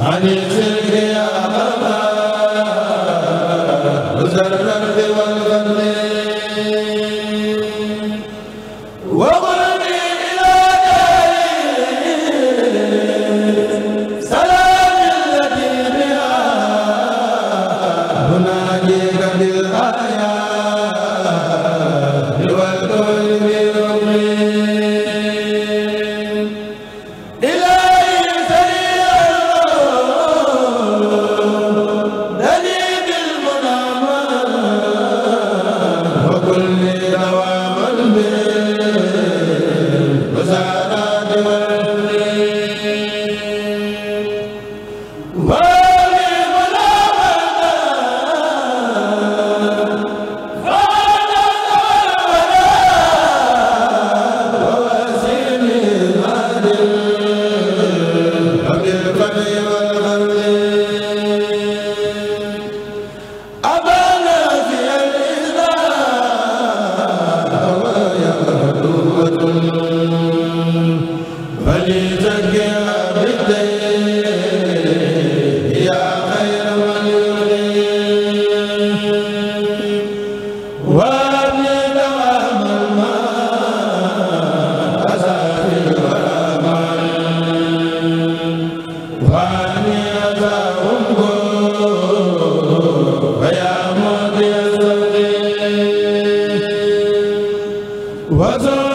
عن الخلق يا أبا ذر wa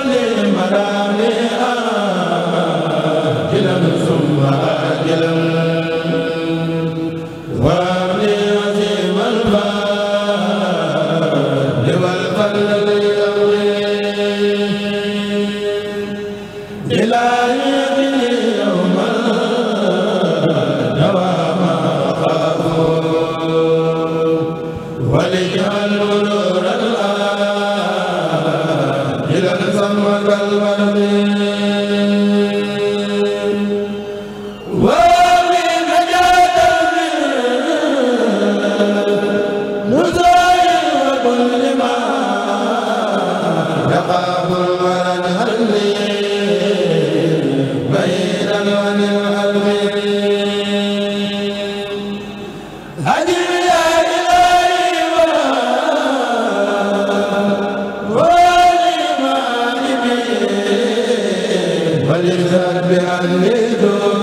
Hallelujah.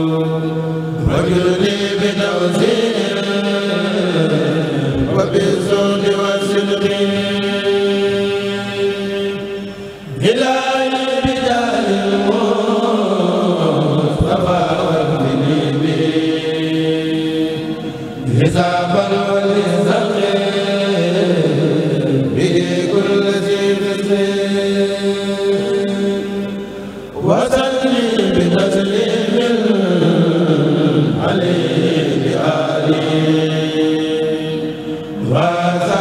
fa